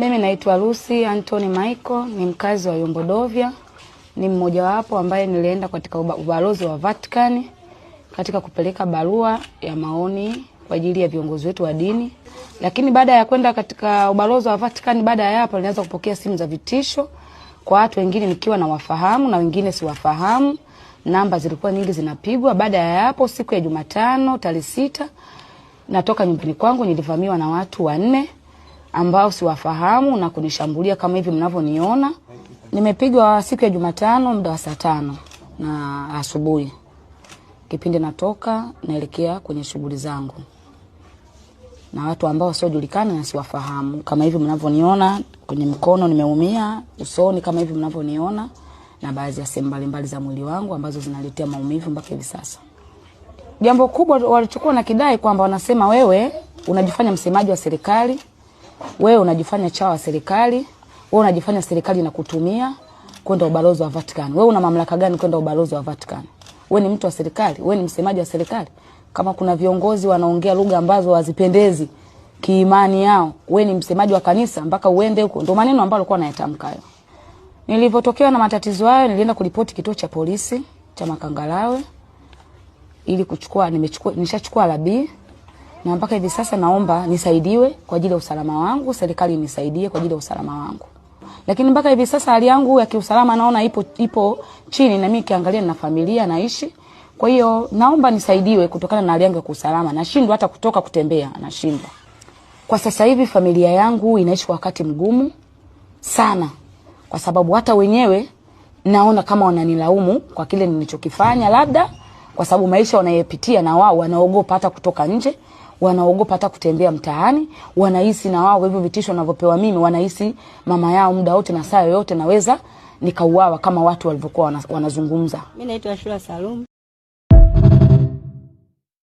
Mimi naitwa Lucy Anthony Michael, ni mkazi wa Yombodovia, ni mmojawapo ambaye nilienda katika ubalozi wa Vatican katika kupeleka barua ya maoni kwa ajili ya viongozi wetu wa dini. Lakini baada ya kwenda katika ubalozi wa Vatican, baada ya hapo nilianza kupokea simu za vitisho kwa watu wengine nikiwa nawafahamu na wengine siwafahamu. Namba zilikuwa nyingi zinapigwa. Baada ya hapo, siku ya Jumatano tarehe sita, natoka nyumbani kwangu, nilivamiwa na watu wanne ambao siwafahamu na kunishambulia kama hivi mnavyoniona. Nimepigwa siku ya Jumatano muda wa saa tano na asubuhi, kipindi natoka naelekea kwenye shughuli zangu na watu ambao wasiojulikana na siwafahamu, kama hivi mnavyoniona. Kwenye mkono nimeumia, usoni kama hivi mnavyoniona, na baadhi ya sehemu mbalimbali za mwili wangu ambazo zinaletea maumivu mpaka hivi sasa. Jambo kubwa walichukua na kidai kwamba wanasema wewe unajifanya msemaji wa serikali wewe unajifanya chawa serikali, wewe unajifanya serikali na kutumia kwenda ubalozi wa Vatican. Wewe una mamlaka gani kwenda ubalozi wa Vatican? Wewe ni mtu wa serikali? Wewe ni msemaji wa serikali? Kama kuna viongozi wanaongea lugha ambazo wazipendezi kiimani yao, wewe ni msemaji wa kanisa mpaka uende huko? Ndio maneno ambayo alikuwa anayatamka hayo. Nilivyotokewa na matatizo hayo, nilienda kulipoti kituo cha polisi cha Makangalawe ili kuchukua, nimechukua, nishachukua labii na mpaka hivi sasa naomba nisaidiwe kwa ajili ya usalama wangu, serikali inisaidie kwa ajili ya usalama wangu. Lakini mpaka hivi sasa hali yangu ya kiusalama naona ipo, ipo chini, na mimi kiangalia na familia naishi. Kwa hiyo naomba nisaidiwe kutokana na hali yangu ya kiusalama, nashindwa hata kutoka kutembea, nashindwa kwa sasa hivi. Familia yangu inaishi kwa wakati mgumu sana, kwa sababu hata wenyewe naona kama wananilaumu kwa kile nilichokifanya, labda kwa sababu maisha wanayepitia na wao wanaogopa hata kutoka nje wanaogopa hata kutembea mtaani, wanahisi na wao hivyo vitisho wanavyopewa mimi, wanahisi mama yao muda wote na saa yoyote naweza nikauawa kama watu walivyokuwa wanazungumza. Mimi naitwa Ashura Salum.